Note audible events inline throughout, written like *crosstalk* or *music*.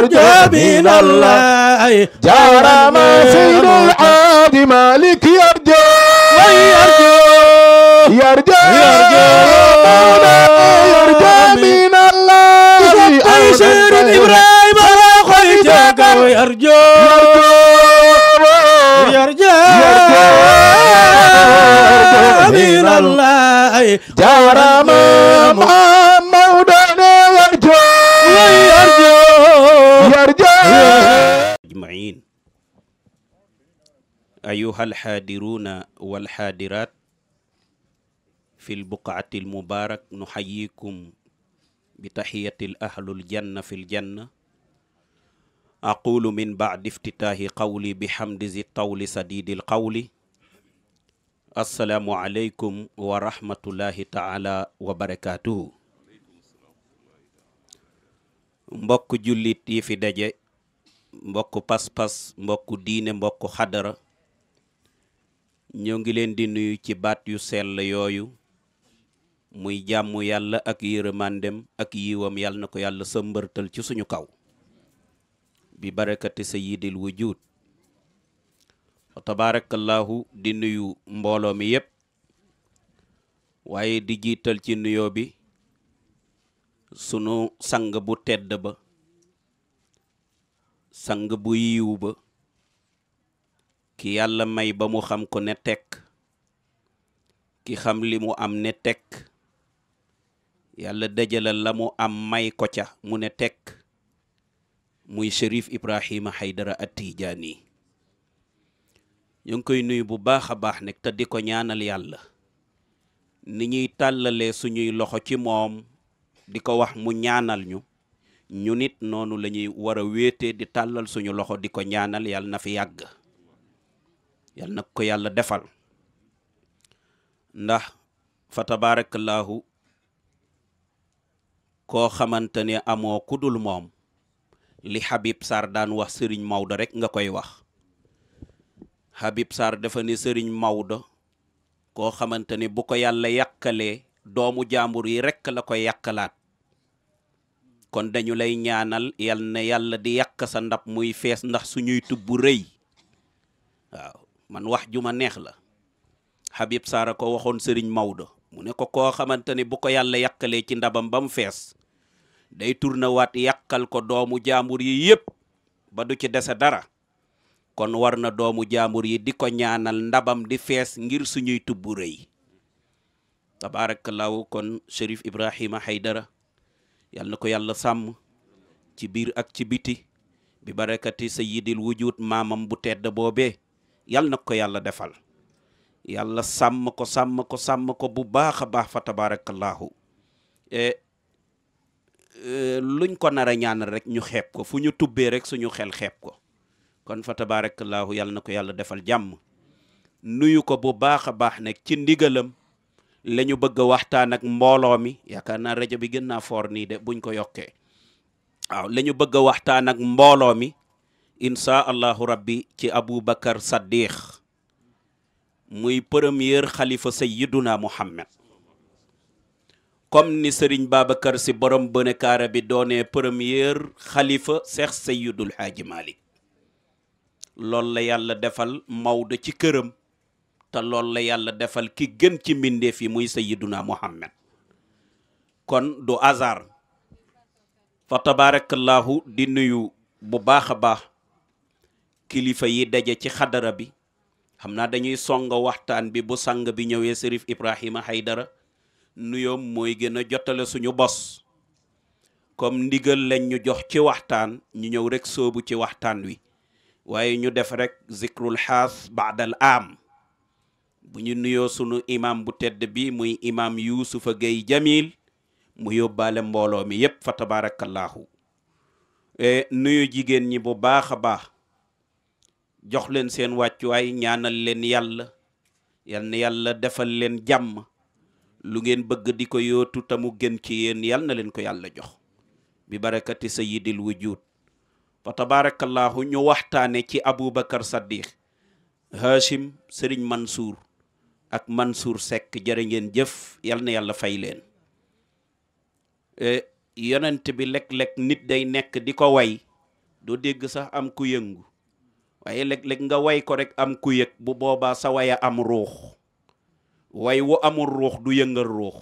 أرجو من الله جار ما سيد العاد مالك يرجو ويرجو يرجو يرجو من الله أي شير إبراهيم على خيتك ويرجو يرجو يرجو من الله جار ما مولدنا يرجو ويرجو yarja ajmain ayuha alxaadiruna walxaadirat fi lbuqaati almubarak nuxayikum بتحية الأهل الجنة في الجنة أقول من بعد افتتاح قولي بحمد ذي الطول سديد القول السلام عليكم ورحمة الله تعالى وبركاته mbokk jullit yi fi daje mbokk paspas pas mbokk diine mbokk xadara ñoo ngi leen di nuyu ci baat yu sell yooyu muy jàmm yàlla ak yërëmandem ak yiwam yàlla na ko yàlla sëmbërtal ci suñu kaw bi barakati sayyidil wujud wa tabarakallahu di nuyu mbooloo mi yépp waaye di jiital ci nuyoo bi sunu sang bu tedd ba sang bu yiw ba ki yàlla may ba mu xam ko ne tekk ki xam li mu am ne tekk yàlla dajala la mu am may ko ca mu ne tekk muy Chérif Ibrahima Haydara At-Tijaani ñu ngi koy nuyu bu baax a baax nekk te di ko ñaanal yàlla ni ñuy tàllalee suñuy loxo ci moom di ko wax mu ñaanal ñu ñu nit noonu lañuy ñuy war a wéetee di tàllal suñu loxo di ko ñaanal yàlla na fi yàgg yàlla na ko yàlla defal ndax fa tabaarakallaahu koo xamante ne amoo ku dul moom li Habib Sarr daan wax sëriñ Maodo rekk nga koy wax Habib Sarr dafa ne Serigne Maodo koo xamante ne bu ko yàlla yàkkalee doomu jàmbur yi rekk la koy yàkkalaat kon dañu lay ñaanal yal na yàlla di yàq sa ndab muy fees ndax suñuy tub bu rëy waaw man wax ju ma neex la Habib Saara ko waxoon Serigne Maodo mu ne ko koo xamante ne bu ko yàlla yàqalee ci ndabam ba mu fees day turnawaat yàqal ko doomu jaambur yi yëpp ba du ci dese dara kon war na doomu jaambur yi di ko ñaanal ndabam di fees ngir suñuy tubbu rëy tabaarakallahu kon Chérif Ibrahima Haydara yal na ko yàlla sàmm ci biir ak ci biti bi barakati sayyidil wujud maamam bu tedd boobee yal na ko yàlla defal yàlla sàmm ko sàmm ko sàmm ko bu baax a baax fa tabarakallahu e, e, luñ ko nar a ñaanal rek ñu xeeb ko fu ñu tubbee rek suñu xel xeeb ko kon fa tabarakallahu yal na ko yàlla defal jàmm nuyu ko bu baax a baax nekk ci ndigalam lañu ñu bëgg a waxtaan ak mbooloo mi yaakaar naa rajo bi gën naa foor nii de buñ ko yokkee waaw la ñu bëgg a waxtaan ak mbooloo mi incha allahu rabbi ci abu Aboubacar Saddiq muy premier xalifa sayyiduna Muhammad comme ni Serigne babakar si borom bënekaara bi doonee premier xalifa Seex Sayyidul Haaji Malik loolu la yàlla defal Maodo ci këram te loolu la yàlla defal ki gën ci mbindeef yi muy sayyiduna muhammad kon du azar fa tabarakallahu di nuyu bu baax a baax kilifa yi daje ci xadara bi xam naa dañuy song waxtaan bi bu sang bi ñëwee Serif Ibrahima Haydara nuyoom mooy gën a jotale suñu bos comme ndigal lañ ñu jox ci waxtaan ñu ñëw rekk soobu ci waxtaan wi waaye ñu def rek zikrul xaas baadal am bu ñu nuyoo sunu imaam bu tedd bi muy imam yuusufa gay jamil mu yóbbaale mbooloo mi yépp fa tabaarakallaahu e, nuyu jigéen ñi bu baax a baax jox leen seen wàccuwaay ñaanal leen yàlla yal yàlla defal leen jàmm lu ngeen bëgg di ko yootu te mu gën ci yéen yal na leen ko yàlla jox bi barakati sayyidil wujud fa tabaarakallaahu ñu waxtaane ci aboubacar saddiq hachim sëriñ mansour ak Mansour Seck jërë ngeen jëf yal na yàlla fay leen e, yonent bi léeg-léeg nit day nekk di ko way du dégg sax am ku yëngu waaye léeg-léeg nga way ko rek am ku yëg bu boobaa sa waya am ruux way wu amul ruux du yëngal ruux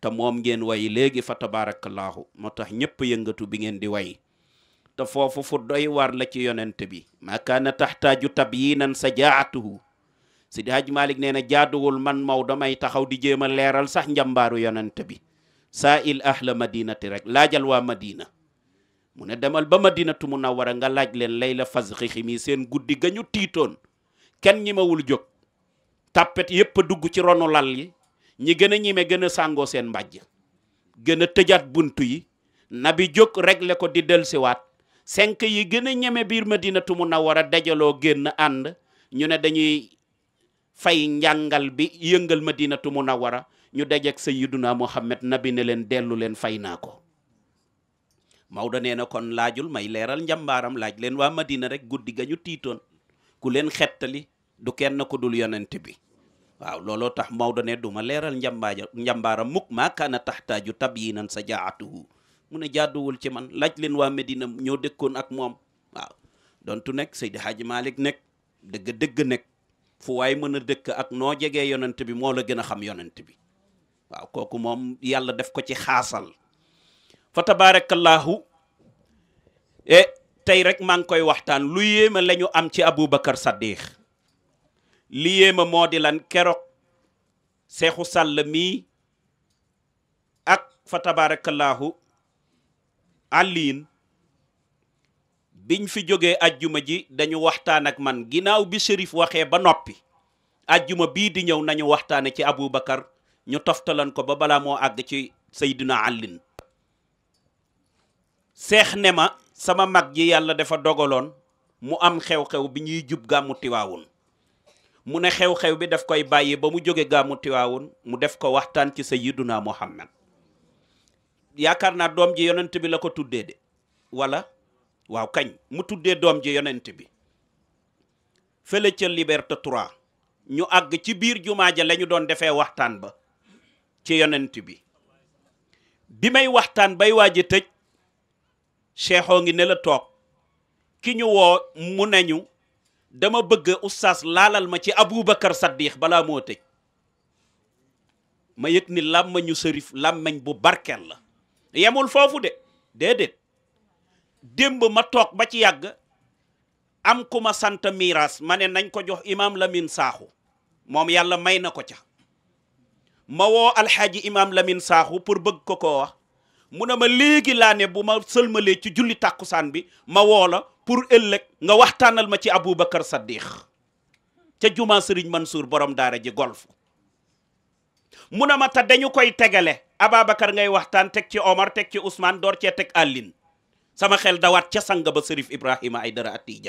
te moom ngeen way léegi fa tabaarakallaahu moo tax ñépp yëngatu bi ngeen di way te foofu fu doy waar la ci yonent bi ma yi taxtaaju sa sajaatuhu Sidi Hadj Malick nee na jaaduwul man Maodo damay taxaw di jéem a leeral sax njàmbaaru yonent bi saa il ahla madinati rek laajal waa madina mu ne demal ba madinatu munawwara nga laaj leen lay la fas xiximi seen guddi ga ñu tiitoon kenn ñi mawul jóg tàppet yépp dugg ci ronu lal yi ñi gën a ñime gën a sàngoo seen mbàjj gën tëjaat bunt yi nabi jóg regle ko di delsiwaat cinq yi gën a ñeme biir madinatu munawwara dajaloo génn ànd ñu ne dañuy fay njàngal bi yëngal madinatu munawwara ñu sa sayyiduna muhammad nabi ne leen dellu leen fay naa ko Maodo nee na kon laajul may leeral njàmbaaram laaj leen waa madina rek guddi ga ñu tiitoon ku leen xettali du kenn ko dul yonent bi waaw looloo tax Maodo ne du ma leeral njàmbaaja njàmbaaram mukk maa kaana taxtaaju tabyinan sa jaatuhu mu ne ci man laaj leen waa Medina ñoo dëkkoon ak moom waaw dontu nekk Seydi Hadji Malick nekk dëgg dëgg nekk fu waay mën a dëkk ak noo jege yonent bi moo la gën a xam yonent bi waaw kooku moom yàlla def ko ci xaasal fa tabarakallahu e tey rek maa ngi koy waxtaan lu yéema la am ci Aboubacar Saddiq li yéema moo di lan keroog seexu sàll mii ak fa tabarakallahu àlliin biñ fi jógee ajjuma ji dañu waxtaan ak man ginnaaw bi shérif waxee ba noppi ajjuma bii di ñëw nañu waxtaane ci Aboubacar ñu toftalan ko ba bala moo àgg ci Seydina allin seex ne ma sama mag ji yàlla dafa dogaloon mu am xew-xew bi ñuy jub gàmmu tiwaawun mu ne xew-xew bi daf koy bàyyi ba mu jóge gàmmu tiwaawun mu def ko waxtaan ci Seydina Muhammad yaakaar naa doom ji yonent bi la ko tuddee de wala waaw kañ mu tuddee doom ji yonent bi fële ca liberté 3 ñu àgg ci biir jumaa ja lañu doon defee waxtaan ba ci yonent bi bi may waxtaan bay waaj a tëj seexoo ngi ne la toog ki ñu woo mu nañu dama bëgg oustaz laalal ma ci aboubacar saddiq balaa moo tëj ma yëg ni làmmañu sërif làmmañ bu barkeel la yemul foofu de déedéet démb ma toog ba ci yàgg am ku ma sant miiras ma ne nañ ko jox imaam Lamine Saaxu moom yàlla may na ko ca ma woo alxaaji imaam lamin Saaxu pour bëgg ko ko wax mu na ma léegi laane bu ma sëlmalee ci julli tàkkusaan bi ma woo la pour ëllëg nga waxtaanal ma ci Aboubacar Saddiq ca jumaa Sëriñ Mansour borom daara ji golf mu na ma ta dañu koy tegale Ababacar ngay waxtaan teg ci Omar teg ci usmaan door cee teg àllin sama xel dawaat ca sanga ba sërif Ibrahima Aïdara at yi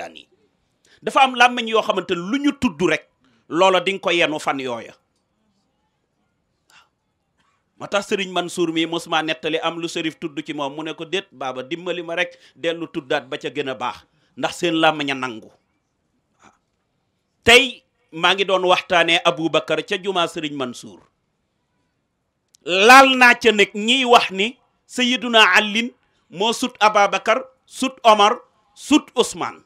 dafa am làmmiñ yoo xamante lu ñu tudd rek loola di nga ko yenu fan yooya moo tax sëriñ Mansour mii mos maa nettali am lu sërif tudd ci moom mu ne ko déet baaba dimbali ma rek dellu tuddaat ba ca gën a baax ndax seen làmmiñ a nangu tey maa ngi doon waxtaanee Aboubacar ca jumaa sëriñ Mansour laal naa ca nag ñiy wax ni Sayyiduna Alin moo sut Ababacar sut Omar sut Ousmane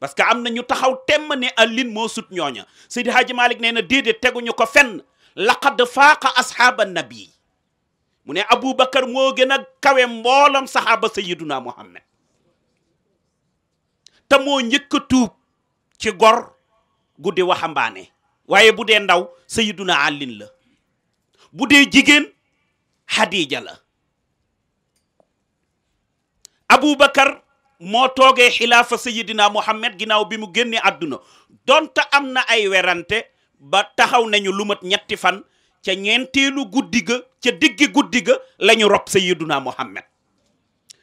parce que am na ñu taxaw temm ne Alioune moo sut ñooña Seydi Hadji Malick nee na déedéet teguñu ko fenn laqad faaqa ashaaba nabi mu ne Aboubacar moo gën a kawe mboolam saxaaba Sayyiduna Muhammad te moo njëkk a tuub ci gor guddi waxambaane waaye bu dee ndaw Sayyiduna Alioune la bu dee jigéen Xadiija la Aboubacar moo toogee xilaafa sayidina Muhammad ginnaaw bi mu génnee àdduna donte am na ay werante ba taxaw nañu lu mat ñetti fan ca ñeenteelu guddi ga ca diggi guddi ga la ñu rob sayidina Muhammad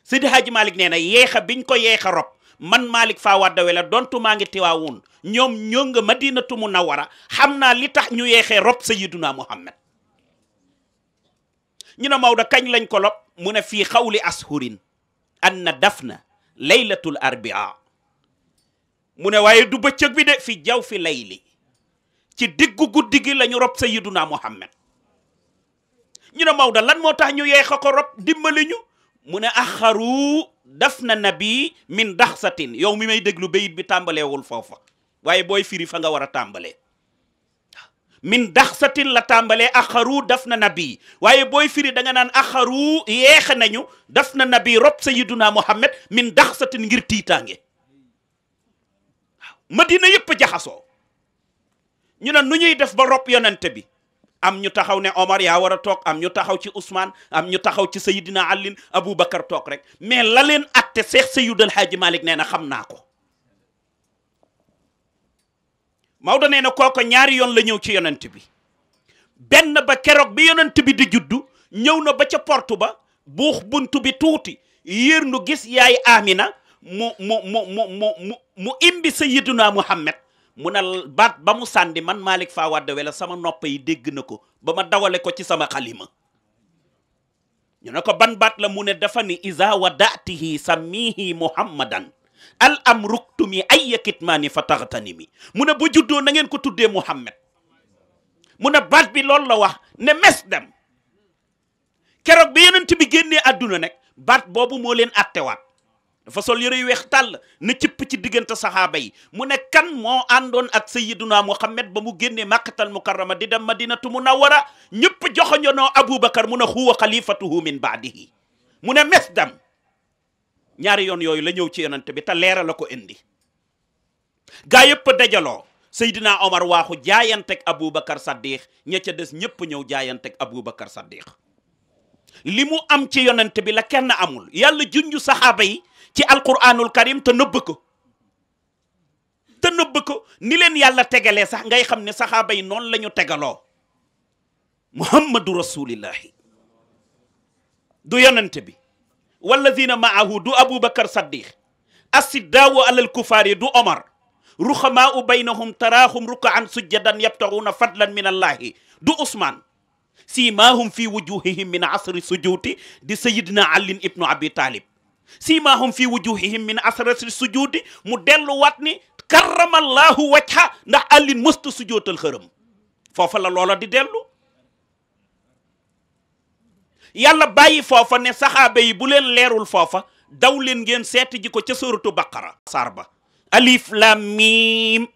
Sidi Hadji Malick nee na yeexa biñ ko yeexa rob man Malick Faa Waddawe la dontu maa ngi tiwaawun ñoom ñoo nga madinatu munawara xam naa li tax ñu yeexee rob sayiduna Muhammad ñu ne Maodo kañ lañ ko lob mu ne fii xawli ashurin anna dafna laylatul arbia mu ne waaye du bëccëg bi de fi jaw fi layli ci diggu guddi gi la ñu rob sayyiduna muhammad ñu ne Maodo lan moo tax ñu yeexa ko rob dimbali ñu mu ne axaru daf na nabi min daxsatin yow mi may déglu bayit bi tàmbalewul foofa waaye booy firi fa nga war a tàmbalee min daxsatin la tàmbalee axaru daf na nabi waaye booy firi da nga naan axaru yeexe nañu daf na nabi rob sayiduna muhammad min daxsatin ngir tiitaange waaw madina yépp jaxasoo ñu ne nu ñuy def ba rob yonente bi am ñu taxaw ne Omar yaa war a toog am ñu taxaw ci Ousmane am ñu taxaw ci Seydina Alin Aboubacar toog rek mais la leen atte Seex Seydul Haaji Malik nee na xam naa ko Maodo nee na kooko ñaari yoon la ñëw ci yonent bi benn ba keroog bi yonent bi di juddu ñëw na ba ca portu ba buux buntu bi tuuti yéer nu gis yaay Amina mu mu mu mu mu mu mu Muhammad mu na baat ba mu sàndi man Malick Fa Wade wala sama nopp yi dégg na ko ba ma dawale ko ci sama xalima ñu ne ko ban baat la mu ne dafa ni iza wadaatihi sammihi muhammadan al am ruktumi ay kitmaani fa taxtani mi mu ne bu juddoo na ngeen ko tuddee Muhammad mu ne baat bi loolu la wax ne mes dem keroog bi yonent bi génnee àdduna nag baat boobu moo leen attewaat dafa sol yëre yu weex tàll na cëpp ci diggante saxaaba yi mu ne kan moo àndoon ak sayyiduna Muhammad ba mu génnee màkkatal mukarrama di dem madinatu munawwara ñëpp joxoñonoo Aboubacar mu ne huwa xalifatuhu min baadihi mu ne mes dem ñaari yoon yooyu la ñëw ci yonent bi te leera la ko indi gaa yëpp dajaloo Seydina Omar waaxu jaayanteeg Aboubacar Saddiq ña ca des ñëpp ñëw jaayanteeg Aboubacar Saddiq li mu am ci yonent bi la kenn amul yàlla junju saxaaba yi ci alquranul karim te nëbb ko te nëbb ko ni leen yàlla tegalee sax ngay xam ne saxaaba yi noonu la tegaloo muhammadu rasulillahi du yonent bi walladina maahu du aboubacar saddiq asiddaau alal kufaari du omar ruxamaau baynahum taraahum rukaan sujjadan yabtaxuuna fadlan min allahi du ousmaan siimaahum fi wujuhihim min asri sujuuti di sayidna alin ibnu abi taalib siimaahum fi wujuhihim min asri sujuuti mu delluwaat ni karamallahu wajha ndax alin mësta sujootal xërëm foofa la loola di dellu yàlla bàyyi foofa ne saxaaba yi bu leen leerul foofa daw leen ngeen seeti ji ko ca suratu baqara saar ba alif lam miim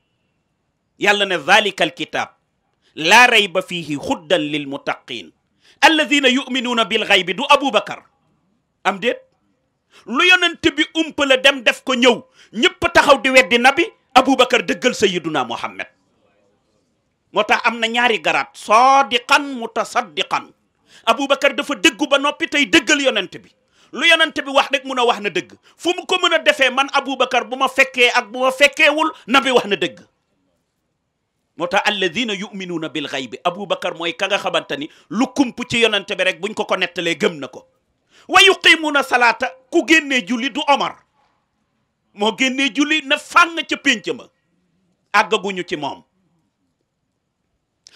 yàlla ne zalika alkitab laa rayba fiihi huddan lil muttaqin alladina yuminuuna bil xaybi du aboubacar am déet lu yonent bi umpale dem def ko ñëw ñëpp taxaw di weddi nabi aboubacar dëggal sayiduna muhammad moo tax am na ñaari garaat sadiqan mutasaddiqan Aboubacar dafa dëggu ba noppi tey dëggal yonent bi lu yonent bi wax rek mun a wax na dëgg fu mu ko mën a defee man Aboubacar bu ma fekkee ak bu ma fekkeewul nabi wax na dëgg moo tax alladina yuminuuna bil xaybi Aboubacar mooy ka nga xamante ni lu kump ci yonent bi rek buñ ko ko nettalee gëm na ko wa yuqimuuna salaata ku génnee julli du Omar moo génnee julli na fàng ca pénc ma àggaguñu ci moom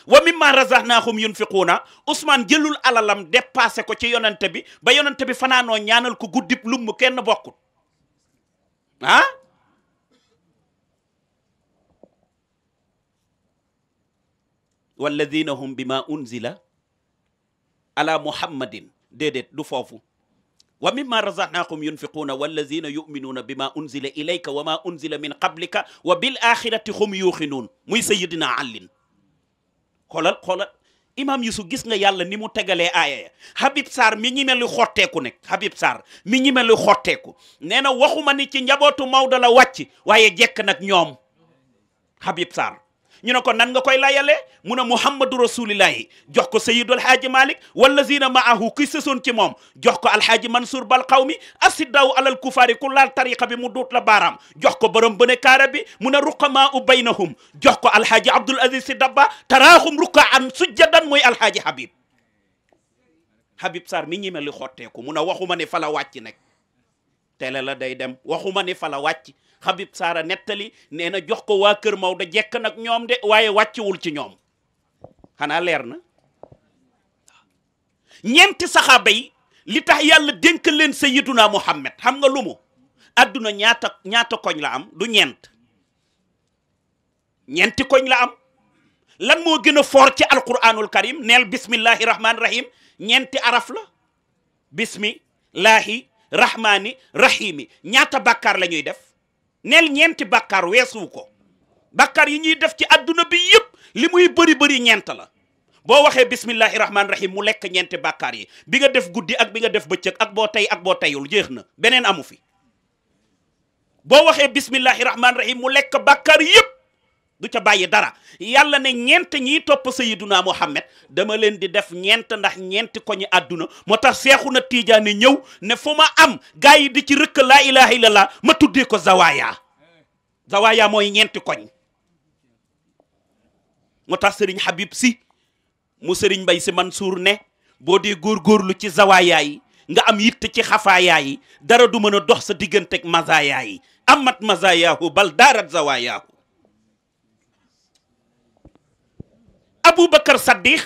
wa mimma razaqnahum yunfiquuna Ousmane jëlul alalam dépassé ko ci yonante bi ba yonante bi fanaanoo ñaanal ko guddib lum mu kenn bokkut ah walladina hum bima unzila ala muhammadin déedéet du foofu wa mimma razaqnahum yunfiquuna walladina yuminuuna bima unzila ilayka wa ma unzila min qablika wa bil axirati hum yuuxinuun muy sayidina allin xoolal xoolal imam Yusu gis nga yàlla ni mu tegalee aaya ya Habib Sarr mi ñi mel ni xotteeku nekk Habib Sarr mi ñi mel ni xotteeku nee na waxuma ni ci njabootu Maodo la wàcc waaye jekk nag ñoom Habib Sarr ñu ne ko nan nga koy layalee mu ne muhammadu rasulillahi jox ko sayidul haaji malik wallazina maahu ki sësoon ci moom jox ko alhaaji mansour bal qawmi asiddaw alal kufaari ku laal tariqa bi mu duut la baaraam jox ko borom bëne kaara bi mu ne ruqamaa u baynahum jox ko alhaaji abdul aziz si dabba am rukaan sujjadan mooy alhaaji habib habib sar mi ñime li xotteeku mu ne waxuma ne fala wàcc nag tele la day dem waxuma ne fala wàcc Habib Saara nettali nee na jox ko waa Kër Maodo jekk nag ñoom de waaye wàcciwul ci ñoom xanaa leer na ñeenti saxaaba li tax yàlla dénk leen sayyiduna Muhammad xam nga lu mu adduna ñaata ñaata koñ la am du ñeent ñeenti koñ la am lan moo gën a foor ci alquranul karim neel bismillahi rahmaani rahim ñeenti araf la bismillahi rahmaani rahimi ñaata bàkkaar la ñuy def neel ñeenti bàkkaar weesuwu ko bàkkaar yi ñuy def ci adduna bi yëpp li muy bëri bëri ñeent la boo waxee bismillahi rahmaani rahim mu lekk ñeenti bàkkaar yi bi nga def guddi ak bi nga def bëccëg ak boo tey ak boo teyul jeex na beneen amu fi boo waxee bismillahi rahmaani rahim mu lekk bàkkaar yëpp du ca bàyyi dara yàlla ne ñeent ñiy topp sayiduna muhammad dama leen di def ñeent ndax ñeenti ko ñi àdduna moo tax seexu na tiijaane ñëw ne fu ma am gaa yi di ci rëkk laa ilaha illallah ma tuddee ko zawaya zawaya mooy ñeenti koñ moo tax sëriñ habib si mu sëriñ mbay si man suur ne boo dee góorgóorlu ci zawaya yi nga am yitt ci xafaaya yi dara du mën a dox sa digganteeg mazaya yi amat mazayaahu bal daarat zawayaahu Aboubacar Saddiq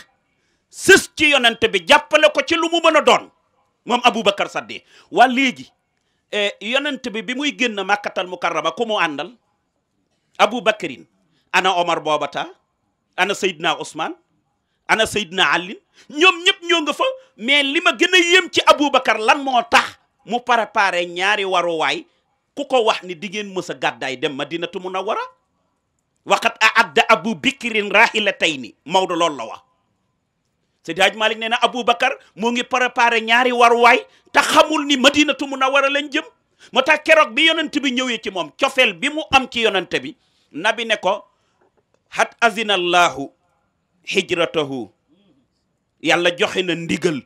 sës ci yonent bi jàppale ko ci lu mu mën a doon moom Aboubacar Saddiq wa léegi e, yonent bi bi muy génn makkatal mukarrama ku mu àndal Aboubacarin ana Omar boobata ana Seydina Ousmane ana Seydina Ali ñoom ñëpp ñoo nga fa mais li ma gën a yéem ci Aboubacar lan moo tax mu préparé ñaari waruwaay ku ko wax ni di ngeen mës a gàddaay dem Madinatu Munawwara waqat a adda abu bikirin rahilatayni Maodo loolu la wax Seydi Hadj Malick nee na Aboubacar moo ngi préparé ñaari waruwaay te xamul ni madinatu munawwara lañ jëm moo tax keroog bi yonent bi ñëwee ci moom cofeel bi mu am ci yonent bi nabi ne ko hat azinallahu hijratahu yàlla joxe na ndigal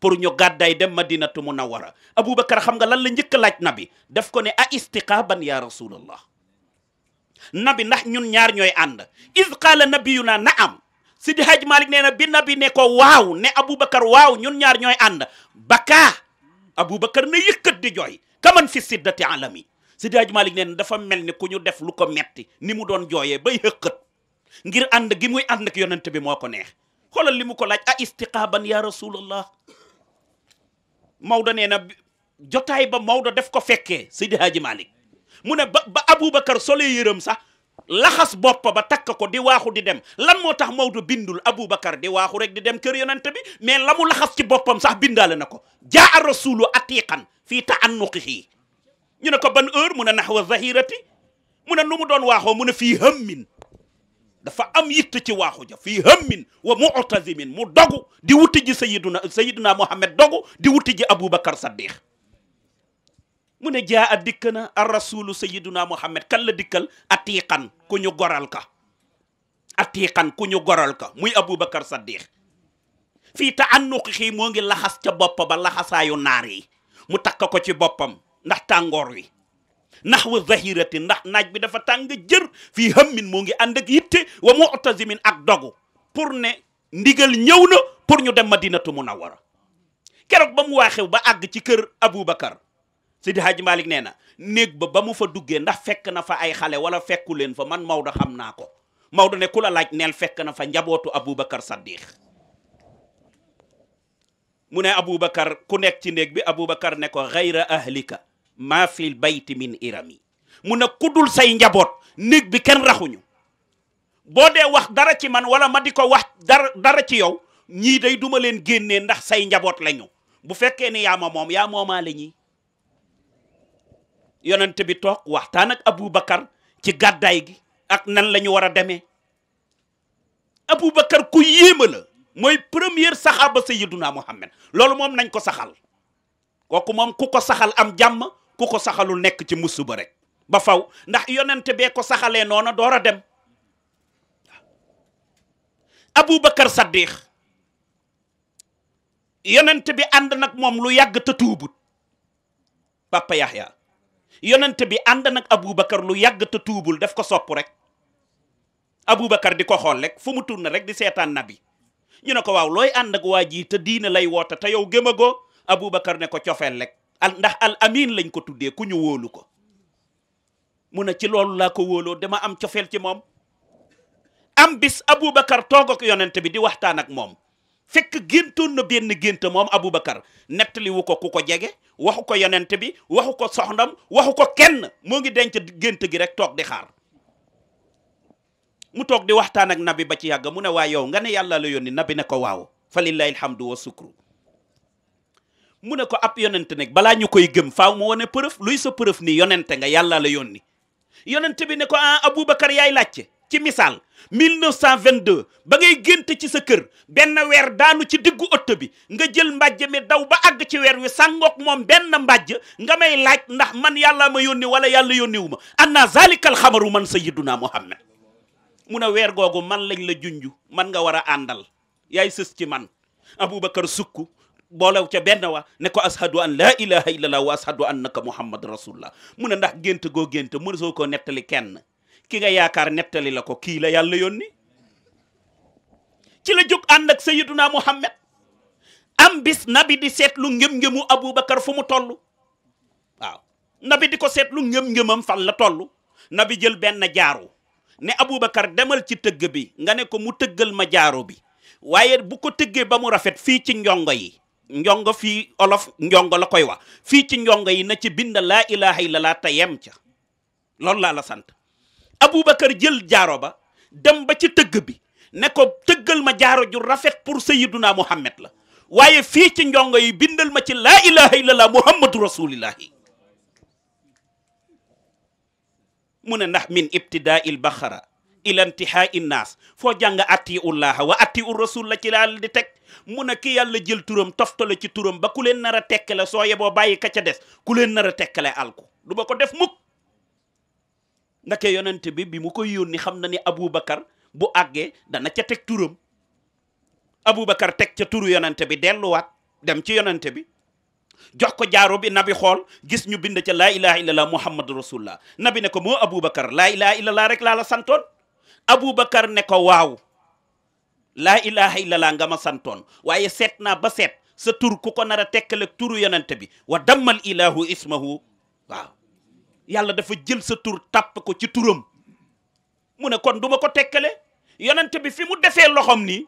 pour ñu gàddaay dem madinatu munawwara Aboubacar xam nga lan la njëkk laaj nabi def ko ne a istiqaaban ya rasulallah nabi ndax ñun ñaar ñooy ànd iz qaala nabiyuna naam Sidi Hadj Malick nee bi nabi ne ko waaw ne Aboubacar waaw ñun ñaar ñooy ànd baka Aboubacar ne yëkkat di jooy kaman fi siddati alami Sidi Hadj Malick nee dafa mel ni ku ñu def lu ko metti ni mu doon jooyee bay yëkkat ngir ànd gi muy ànd ak yonent bi moo ko neex xoolal li ko laaj a istiqaaban ya rasulallah Maodo nee jotaay ba Maodo def ko fekkee Sidi Hadj Malick mu ne ba ba Aboubacar solee yërëm sax laxas bopp ba takk ko di waaxu di dem lan moo tax Maodo bindul Aboubacar di waaxu rek di dem kër yonent bi mais la mu ci boppam sax bindaale na ko jaa rasulu atiqan fii taannuqihi ñu ne ko ban heure mu ne naxwa zahirati mu ne nu mu doon waaxoo mu ne fii hammin dafa am yitt ci waaxu ja fii hammin wa mu'tazimin mu dogu di wuti ji sayiduna sayiduna Muhammad dogu di wuti ji Aboubacar Saddiq mu ne jaa a dikk na ar rasulu sayiduna muhammad kan la dikkal atiiqan ku ñu goral ka atiiqan ku ñu goral ka muy aboubacar saddiq fii ta annuqihi moo ngi laxas ca bopp ba laxasaayu naar yi mu takk ko ci boppam ndax tàngoor wi ndax wa zahirati ndax naaj bi dafa tàng jër fii hammin moo ngi ànd ak yitte wa mu'tazimin ak dogu pour ne ndigal ñëw na pour ñu dem madinatu munawwara keroog ba mu waaxew ba àgg ci kër aboubacar Sidi Hadj Malick nee na néeg ba ba mu fa duggee ndax fekk na fa ay xale wala fekku leen fa man Maodo xam naa ko Maodo ne ku la laaj neel fekk na fa njabootu Aboubacar Saddiq mu ne Aboubacar ku nekk ci néeg bi Aboubacar ne ko xayra ahlika maa fil bayti min irami mu ne ku dul say njaboot néeg bi kenn raxuñu boo de wax dara ci man wala ma di ko wax dara dara ci yow ñii day duma leen génnee ndax say njaboot lañu bu fekkee ne yaa ma moom yaa moomaa la yonent bi toog waxtaan ak Aboubacar ci gàddaay gi ak nan lañu ñu war a demee Aboubacar ku yéema la mooy première saxaaba sayyiduna Muhammad loolu moom nañ ko saxal kooku moom ku ko saxal am jàmm ku ko saxalul nekk ci musiba rek ba faw ndax yonent bee ko saxalee noona door a dem Aboubacar Saddiq yonent bi ànd nag moom lu yàgg te tuubut Papa Yahya yonent bi ànd nag Aboubacar lu yàgg te tuubul def ko soppu rek Aboubacar di ko xool fu mu turne rek di seetaan nabi ñu ne ko waaw looy ànd ak waa ji te diine lay woote te yow gëmagoo Aboubacar ne ko cofeel lek al ndax al amin lañ ko tuddee ku ko mu ne ci loolu laa ko wóoloo dama am cofel ci moom am bis Aboubacar toog ak bi di waxtaan ak moom fekk géntoon na benn gént moom Aboubacar nettaliwu ko ku ko jege waxu ko yonent bi waxu ko soxndam waxu ko kenn moo ngi denc gént gi rek toog di xaar mu toog di waxtaan ak nabi ba ci yàgg mu ne waa yow nga ne yàlla la yónni nabi ne ko waaw fa lillahi alhamdu wa sukru mu ne ko ab yonent nag balaa ñu koy gëm faaw mu wane preuve luy sa preuve ni yonente nga yàlla la yónni yonente bi ne ko ah Aboubacar yaay laajte ci misaal 1922 ba ngay gént ci sa kër benn weer daanu ci diggu ëtt bi nga jël mbàjj mi daw ba àgg ci weer wi sàngook moom benn mbàjj nga may laaj ndax man yàlla ma yónni wala yàlla yónniwu ma anna zalikal xamaru man sayyiduna muhammad mun a weer googu man lañ la junju man nga war a àndal yaay sës ci man aboubacar sukk boolew ca benn wa ne ko ashadu an laa ilaha illallah wa ashadu annaka muhammad rasulullah mun a ndax gént goo gént mënu koo nettali kenn ki nga yaakaar nettali la ko kii la yàlla yónni ci la jóg ànd ak sayyiduna Muhammad am bis nabi di seetlu ngëm-ngëmu Aboubacar fu mu toll waaw nabi di ko seetlu ngëm-ngëmam fan la toll nabi jël benn jaaro ne abubakar demal ci tëgg bi nga ne ko mu tëggal ma jaaro bi waaye bu ko tëggee ba mu rafet fii ci njongo yi njongo fii olof njongo la koy wax fii ci njongo yi na ci bind laa ilaha illallah te yem ca loolu laa sant Aboubacar jël jaaro ba dem ba ci tëgg bi ne ko tëggal ma jaaro ju rafet pour sayyiduna Muhammad la waaye fii ci njongo yi bindal ma ci laa ilaha illallah muhammadu rasulillahi mu ne ndax min ibtidaa'il baxara ila intihaai naas foo jàng atiullaha wa la ci laal di teg mu ne ki yàlla jël turam toftale ci turam ba ku leen nar a tekkale soo yeboo bàyyi ka ca des ku leen nar a tekkale alku du ba ko def mukk ndake yonent bi bi mu koy yónni xam na ni Aboubacar bu àggee dana ca teg turam Aboubacar teg ca turu yonent bi delluwaat dem ci yonent bi jox ko jaaro bi nabi xool gis ñu bind ca laa ilaha illallah muhammadu rasulullah nabi ne ko moo Aboubacar laa ilaha illallah rek laa la santoon Aboubacar ne ko waaw laa ilaha illallah ngama ma santoon waaye seet naa ba seet sa tur ku ko nar a tekkaleeg turu yonent bi wa dammal ilahu ismahu yàlla dafa jël sa tur tàpp ko ci turam mu ne kon duma ma ko tekkale yonent bi fi mu defee loxom nii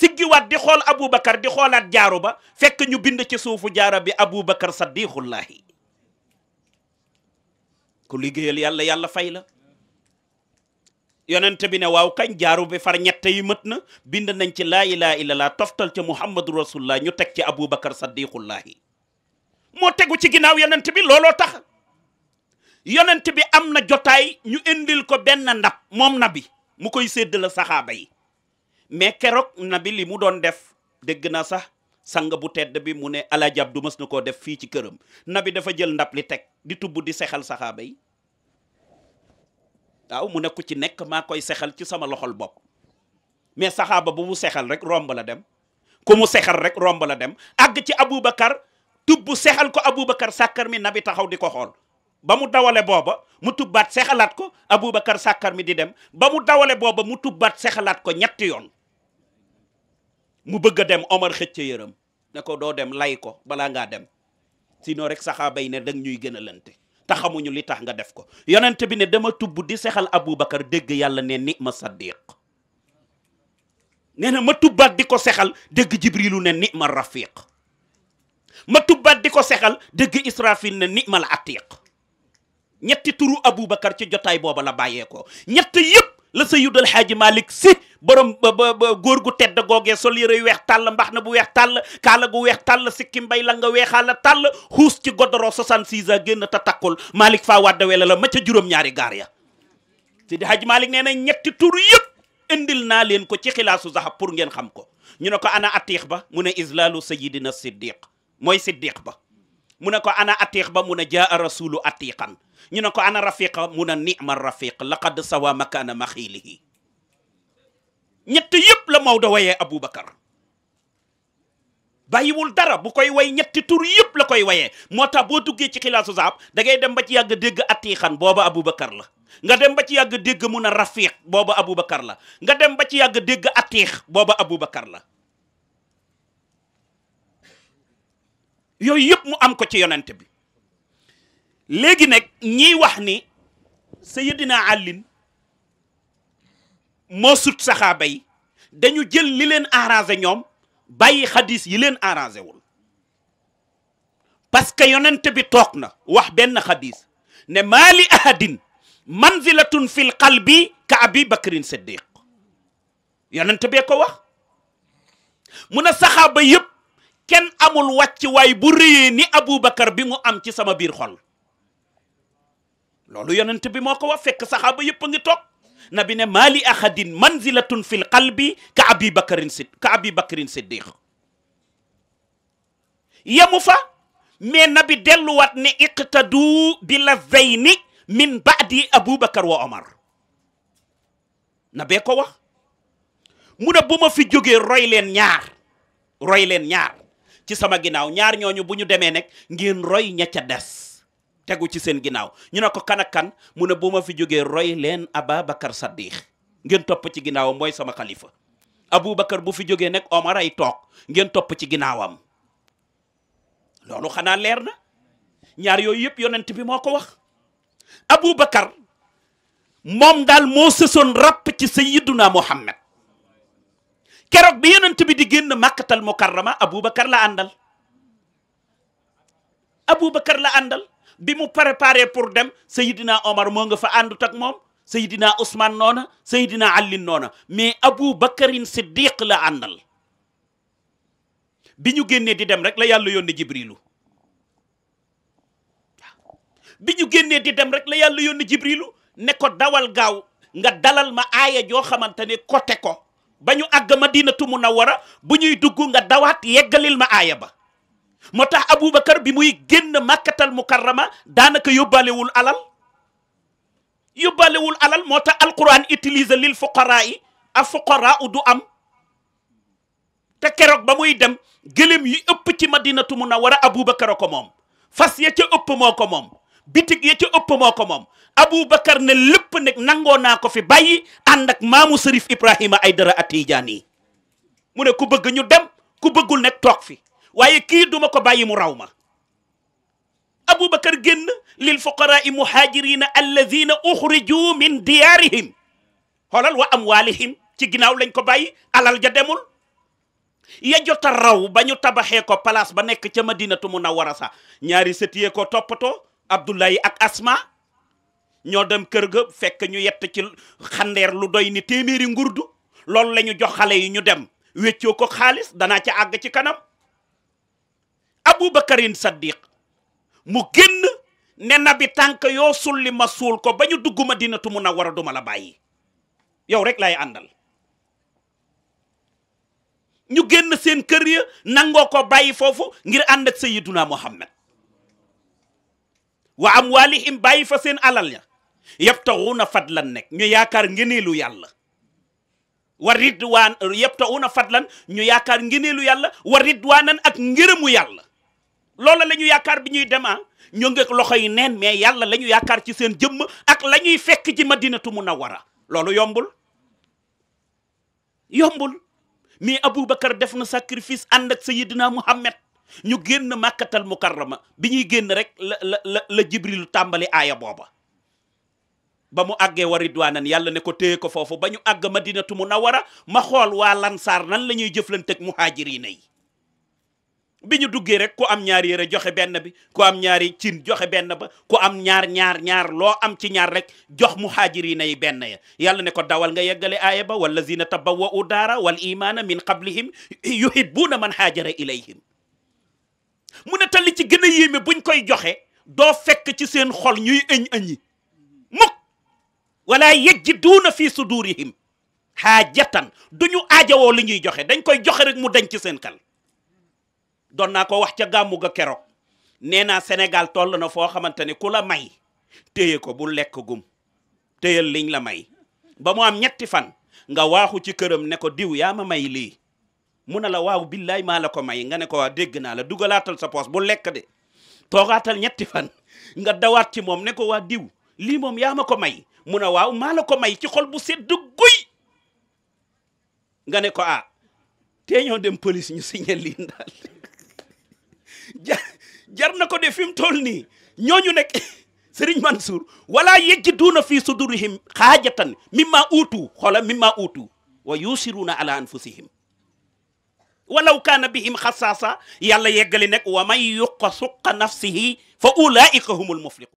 siggiwaat di xool Aboubacar di xoolaat jaaru ba fekk ñu bind ci suufu jaara bi Aboubacar saddiqullahi ko liggéeyal yàlla yàlla fay la yonent bi ne waaw kan jaaru bi far ñett yi mët na bind nañ ci laa ilaha illallah toftal ca muhammadu rasulullah ñu teg ci Aboubacar saddiqullahi moo tegu ci ginnaaw yonent bi looloo tax yonent bi am na jotaay ñu indil ko benn ndab moom nabi mu koy séddale saxaaba yi mais keroog nabi li mu doon def dégg naa sax sang bu tedd bi mu ne alaaji du mës na koo def fii ci këram nabi dafa jël ndab li teg di tubb di sexal saxaaba yi waaw mu ne ku ci nekk maa koy sexal ci sama loxol bopp mais saxaaba bu mu sexal rek romb la dem ku mu sexal rek romb la dem àgg ci Aboubacar tubb sexal ko Aboubacar sàkkar mi nabi taxaw di ko xool ba mu dawale booba mu tubbaat sexalaat ko Aboubacar Sàkkar mi di dem ba mu dawale booba mu tubbaat sexalaat ko ñetti yoon mu bëgg a dem Omar xëcc yëram ne ko doo dem lay ko balaa ngaa dem sinon rek saxaaba yi ne dang ñuy gën a lante te xamuñu li tax nga def ko yonent bi ne dama tubb di sexal Aboubacar dégg yàlla ne ni ma saddiq nee na ma tubbaat di ko sexal dégg jibrilu ne ni ma rafiq ma tubbaat di ko sexal dégg israfil ne ni ma la atiq ñetti turu Aboubacar ci jotaay booba la ko ñett yëpp la Seydil Hadji Malick Sy borom ba ba góor gu tedd googee sol yére weex tàll mbax na bu weex tàll kaala gu weex tàll sikkim bay la nga weexaala tàll xuus ci godoro 66 a génn ta takkul Malick faa wàddawee la la ma ca juróom-ñaari gaar ya Seydi Hadji Malick nee na ñetti turu yëpp indil naa leen ko ci xilaasu zahab pour ngeen xam ko ñu ne ko ana atiix ba mu ne islaalu sayidina siddiq mooy siddiq ba mu ne ko ana atiq ba mu ne jaa rasulu atiqan ñu ne ko ana rafiqa mu ne nima rafiq laqad sawa makana maxilihi ñett yépp la Maodo wayee Aboubacar bàyyiwul dara bu koy way ñetti tur yépp la koy wayee moo tax boo duggee ci xilaasu saab da ngay dem ba ci yàgg dégg atiixan booba Aboubacar la nga dem ba ci yàgg dégg mun a rafiq booba Aboubacar la nga dem ba ci yàgg dégg atiix booba Aboubacar la yooyu yëpp mu am ko ci yonent bi léegi nag ñiy wax ni sayidina àllin moo sut saxaabay dañu jël li leen arrangé ñoom bàyyi xadis yi leen arrangé wul parce que yonent bi toog na wax benn xadis ne maa li ahadin manzilatun fil qalbi ka abi bakrin siddiq yonent bee ko wax mun a saxaaba yëpp kenn amul wàcc waay bu réyee ni Aboubacar am ci sama biir xol loolu yonent bi moo ko fekk saxaaba yëpp a ngi toog na bi ne maali ahadin manzilatun fi qalbi ka abi bakarin si ka abi siddiq yemu fa mais na bi delluwaat ne iqtadu bi la min baadi aboubacar wa omar na bee wax mu ne bu ma fi jógee roy leen ñaar roy leen ñaar ci sama ginnaaw ñaar ñooñu bu ñu demee nekk ngeen roy ña ca des tegu ci seen ginnaaw ñu ne ko kan mu ne bu ma fi jógee roy leen Ababacar Saddiq ngeen topp ci ginnaawam mooy sama xalifa Aboubacar bu fi jógee nekk Omar ay toog ngeen topp ci ginnaawam loolu xanaa leer na ñaar yooyu yëpp yonent bi moo ko wax Aboubacar moom daal moo sësoon ràpp ci sayyiduna Muhammad keroog bi yonent bi di génn màkkatal mukarrama aboubacar la àndal aboubacar la àndal bi mu préparé pour dem sayidina omar moo nga fa àndut ak moom sayidina ousmane noona sayidina allin noona mais aboubacarin siddiq la àndal bi ñu génnee di dem rek la yàlla yónni jibrilu bi ñu génnee di dem rek la yàlla yónni jibrilu ne ko dawal gaaw nga dalal ma aaya joo xamante ne côté ko ba ñu àgg madinatu munawwara bu ñuy dugg nga dawaat yeggalil ma aaya ba moo tax aboubacar bi muy génn màkkatal mukarrama daanaka yóbbaalewul alal yóbbaalewul alal moo tax alquran utilise lil fuqaraa a fuqaraa du am te keroog ba muy dem gëléem yi ëpp ci madinatu munawwara aboubacar a ko moom fas ya ca ëpp moo ko moom bitig ya ca ëpp moo ko moom Aboubacar ne lépp nekk nangoo naa ko fi bàyyi ànd ak maamu Serif Ibrahima Aydara Atijaani mu ne ku bëgg ñu dem ku bëggul nekk toog fi waaye kii ma ko bàyyi mu raw ma Aboubacar génn lil fuqaraai muhaajirina alladina uxriju min diyaarihim xoolal wa amwaalihim ci ginnaaw lañ ko bàyyi alal ja demul ya jot a raw ba ñu tabaxee ko place ba nekk ca madinatu munawwara sa ñaari sëtiyee ko toppatoo Abdullahi ak Asma ñoo dem kër ga fekk ñu yett ci xandeer lu doy ni téeméeri ngurdu loolu lañu jox xale yi ñu dem weccoo ko xaalis danaa ca àgg ci kanam abu abubakarin saddiq mu génn ne bi tànk yoo sulli ma suul ko ba ñu dugg madinatu munawwara duma la bàyyi yow rek lay àndal ñu génn seen kër ya nangoo ko bàyyi foofu ngir ànd ak sayyiduna muhammad wa amwalihim bàyyi fa seen alal ya yabtaxuuna fadlan nekk ñu yaakaar ngëneelu yàlla wa ridwaan yabtaxuuna fadlan ñu yaakaar ngëneelu yàlla wa ridwaanan ak ngërëmu yàlla loola la ñu bi ñuy dema ah. ñoo ngi loxo yi neen mais yàlla lañu ñu ci seen jëmm ak lañuy fekk ci madinatu munawwara loolu yombul yombul mais Aboubacar def na sacrifice ànd ak Sayyidina Muhammad ñu génn màkkatal mukarrama bi ñuy génn rek la la la la tàmbali aaya booba ba mu àggee wa ridwaanan yàlla ne ko téye ko foofu ba ñu àgg madinatu munawwara ma xool waa lansaar nan la ñuy mu muhaajiriina yi bi ñu duggee rek ku am ñaar yëre joxe benn bi ku am ñaari cin joxe benn ba ku am ñaar ñaar ñaar loo am ci ñaar rekk jox mu muhaajiriina yi benn ya yàlla ne ko dawal nga yeggale aaya ba wallazina tabawwa'u daara wal imaana min qablihim yuhibbuuna man haajara ilayhim mu ne tali ci gën a yéeme buñ koy joxe doo fekk ci seen xol ñuy wala yajiduuna fi sudurihim xaajatan du ñu aajawoo li ñuy joxe dañ koy joxe rek mu dañ ci seen kal doon naa ko wax ca gàmmu ga keroog nee naa Sénégal toll na foo xamante ne ku la may téye ko bu lekk gum téyal liñ la may ba mu am ñetti fan nga waaxu ci këram ne ko diw yaa ma may lii mu na la waaw billaay maa la ko may nga ne ko waa dégg naa la dugalaatal sa poos bu lekk de toogaatal ñetti fan nga dawaat ci moom ne ko waa diw lii moom yaa ma ko may mu ne waaw maa la ko may ci xol bu sedd guy nga ne ko ah ñoo dem police ñu signé lii daal *laughs* jar na ko de fi mu toll nii ñooñu nekk *laughs* Serigne Mansour wala yajiduuna fi sudurihim xaajatan mimma uutu xoola mimma uutu wa yusiruuna ala anfusihim walaw kaana bihim xasaasa yàlla yeggali nekk wa man yuqa suqa nafsihi fa ulaika humul mufliqun